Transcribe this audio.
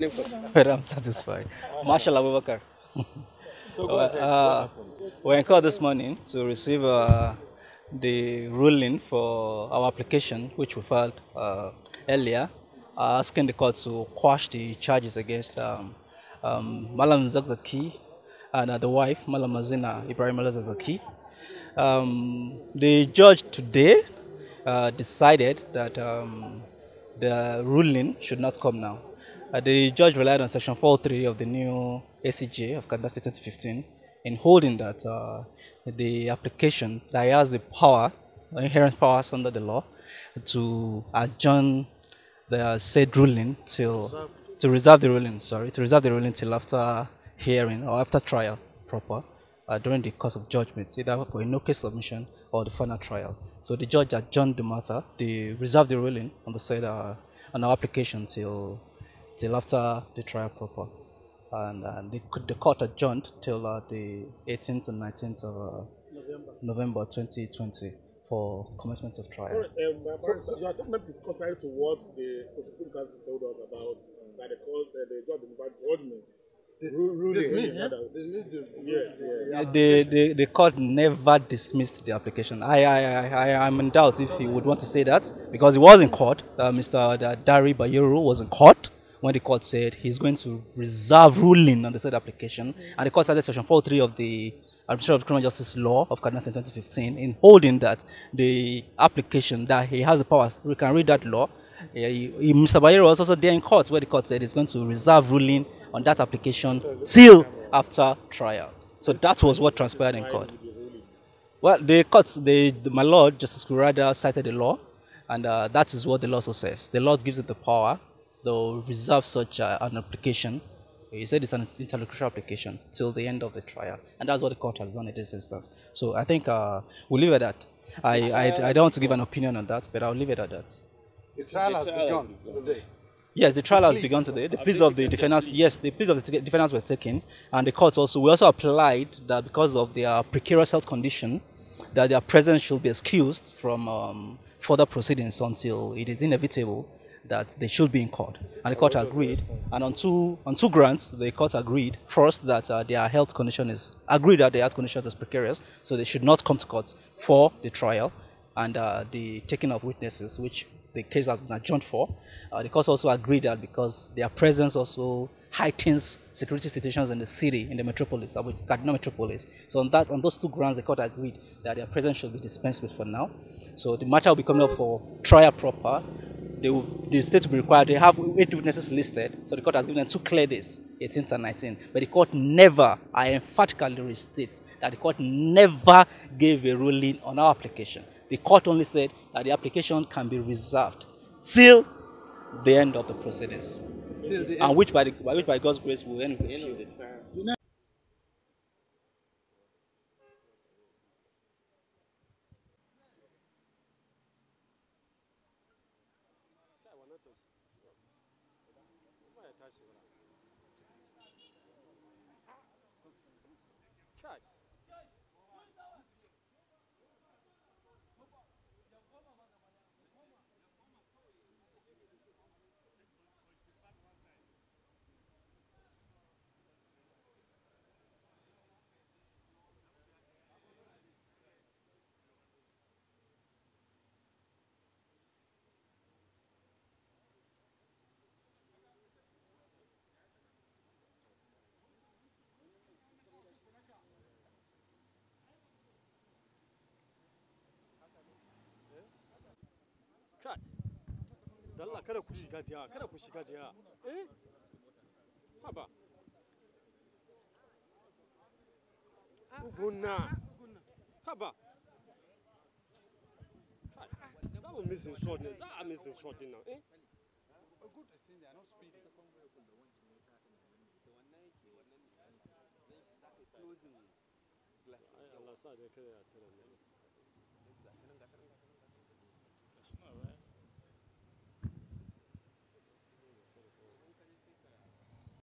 I'm satisfied. Marshal Abu Bakar. uh, we're in court this morning to receive uh, the ruling for our application, which we filed uh, earlier, uh, asking the court to quash the charges against um, um, Malam Zakzaki and the wife, Malam Mazina Ibrahim Malam Um, the judge today uh, decided that um, the ruling should not come now. Uh, the judge relied on Section 43 of the new ACJ of Canada State 2015 in holding that uh, the application that has the power, inherent powers under the law, to adjourn the said ruling till to reserve the ruling. Sorry, to reserve the ruling till after hearing or after trial proper uh, during the course of judgment, either for a no case submission or the final trial. So the judge adjourned the matter, they reserved the ruling on the said uh, on our application till till after the trial proper. And uh, the, the court adjourned till uh, the 18th and 19th of uh, November. November 2020 for commencement of trial. Sorry, um, so, so, your statement is contrary to what the Supreme counsel told us about um, that the court, uh, the judge in judgment. Dis- ruling. the, yes, The, the, court never dismissed the application. I, I, I, I am in doubt if you would want to say that because it was in court. Uh, Mr. Dari Bayuru was in court when the court said he's going to reserve ruling on the said application, and the court cited section 43 of the of Criminal Justice Law of Cardinal in 2015 in holding that the application that he has the powers, we can read that law. Yeah, he, he, Mr. Bayero was also there in court where the court said he's going to reserve ruling on that application till after trial. So that was what transpired in court. Well, the court, the, the, my lord, Justice Kurada cited the law, and uh, that is what the law also says. The law gives it the power they'll reserve such uh, an application. You said it's an interlocutory application till the end of the trial, and that's what the court has done in this instance. So I think uh, we'll leave it at that. I, I, I don't want to give an opinion on that, but I'll leave it at that. The trial, has, begun today. Yes, the trial has begun today. The pleas of the defendants, yes, the pleas of the defendants were taken, and the court also we also applied that because of their precarious health condition, that their presence should be excused from um, further proceedings until it is inevitable that they should be in court. And the court agreed. And on two, on two grants, the court agreed first that uh, their health condition is, agreed that their health condition is precarious, so they should not come to court for the trial and uh, the taking of witnesses, which the case has been adjourned for. Uh, the court also agreed that because their presence also heightens security situations in the city, in the metropolis, uh, Kaduna metropolis. So on that, on those two grounds, the court agreed that their presence should be dispensed with for now. So the matter will be coming up for trial proper they will, the state will be required. They have eight witnesses listed, so the court has given them two clear days, 18th and 19th. But the court never, I emphatically restate, that the court never gave a ruling on our application. The court only said that the application can be reserved till the end of the proceedings, and which by, the, by which by God's grace will end with the appeal. motos. Ba ya tashi ba. kada ku shiga da yawa kada ku shiga da eh haba gunna haba za mu missing shot ne za a missing não, din nan eh Allah sa da kada ya tare ne.